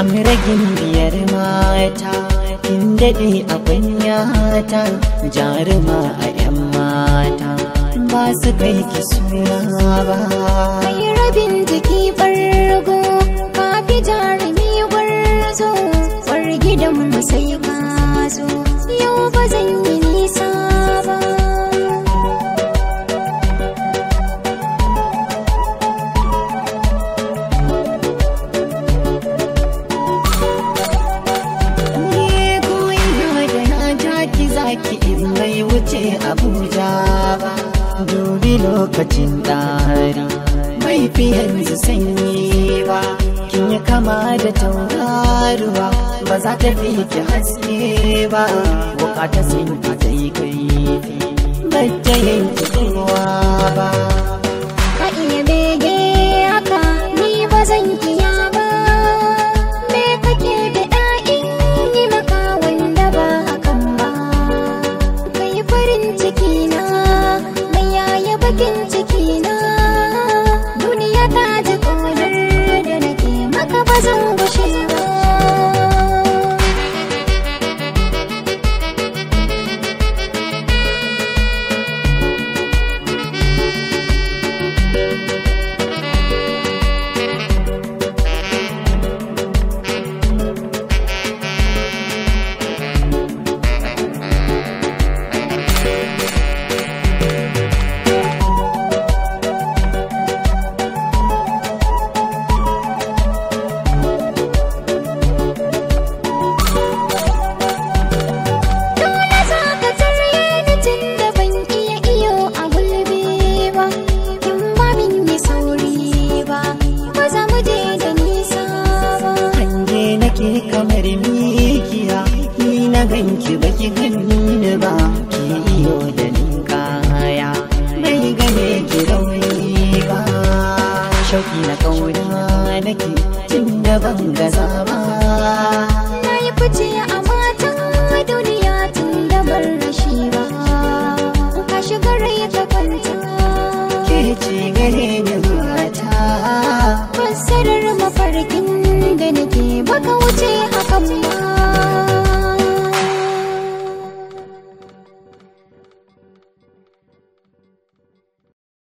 Ami ragin biyar mata Kin daɗe a kunyata Jaruma a 'yan mata Ba su kai ki suna ba Mai rabin jiki bar bai wuce abuja ba dubi lokacin ɗari Mai fi yanzu sanyi ba kin yi kama da taurariwa ba za ta fi ki haske ba bukata sun ki kai kaifi bacce can do ganki baki ganni ba ki iyo da kaya bai gane ki rauni ba shauki na kauna nake tun da ban gaza ba na yi fice a matan duniya tun da bar rashi ba ka shiga rai ta kwanta ke ce gare ni mata fassarar mafarkin da nake